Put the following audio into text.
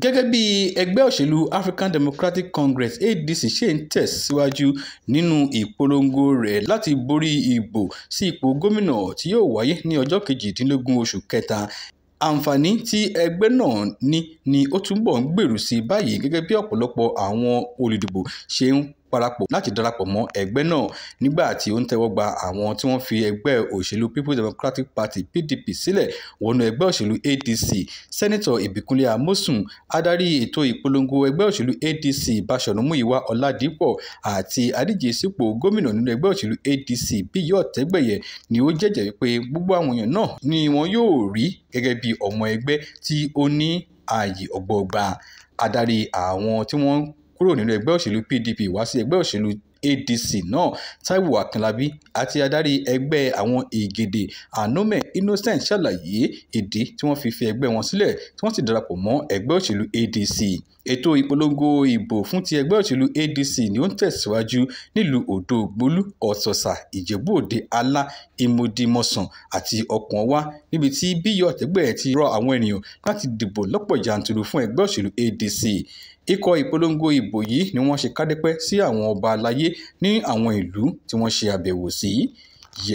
Gẹ́gẹ́ bí ẹgbẹ́ òṣèlú African Democratic Congress (ADC) ṣe ń tẹ̀ síwájú nínú ìpolongo rẹ̀ láti borí ìbò sí ipò gómìnà tí yóò wáyé ní ọjọ́ kejìdínlógún oṣù kẹta, àǹfààní tí ẹgbẹ́ náà ní ni ó túbọ̀ ń gbèrú sí báyìí gẹ́gẹ́ bí ọ̀pọ̀lọpọ̀ àwọn olùdìbò ṣe ń parapọ̀ láti darapọ̀ mọ́ ẹgbẹ́ náà nígbà tí ó ń tẹ́wọ́ gba àwọn tí wọ́n fi ẹgbẹ́ òṣèlú People's Democratic Party PDP sílẹ̀ wọnú ẹgbẹ́ òṣèlú ADC sẹ́nitọ̀ Ìbíkúnlé Amósùn adarí ètò ìpolongo ẹgbẹ́ òṣèlú ADC Báṣọ̀run Múyìwá Ọládípọ̀ àti adíje sípò gómìnà nínú ẹgbẹ́ òṣèlú ADC Bíyì Ọ̀tẹ́gbẹ̀yẹ ni ó jẹ́jẹ́ wípé gbogbo àwọn èèyàn náà ni wọn yóò rí gẹ́gẹ́ bí ọmọ ẹgbẹ́ tí ó ní ààyè ọgbọọgba adarí àwọn tí wọ́n kúrò nínú ẹgbẹ́ òṣèlú PDP wá sí ẹgbẹ́ òṣèlú ADC náà Táíwò Akínlábí àti adarí ẹgbẹ́ àwọn Ègèdè Anome Innocent ṣàlàyé ìdí tí wọ́n fi fi ẹgbẹ́ wọn sílẹ̀ tí wọ́n sì darapọ̀ mọ́ ẹgbẹ́ òṣèlú ADC ètò ìpolongo ìbò fún ti ẹgbẹ́ òṣèlú adc ni ó ń tẹ̀síwájú nílùú odògbólú ọ̀sọ̀sà ìjẹ́bú-òde alá ìmọ̀dìmọ̀sán àti ọ̀pọ̀nwá níbi tí bíyọ̀ ọ̀tẹ́gbẹ́ ti rọ àwọn ènìyàn láti dìbò lọ́pọ̀ jàǹtùrù fún ẹgbẹ́ òṣèlú adc ikọ̀ ìpolongo ìbò yìí ni wọ́n ṣe kádẹ́pẹ́ sí àwọn ọba aláyé ní àwọn ìlú tí wọ́n ṣe àbẹ̀wò sí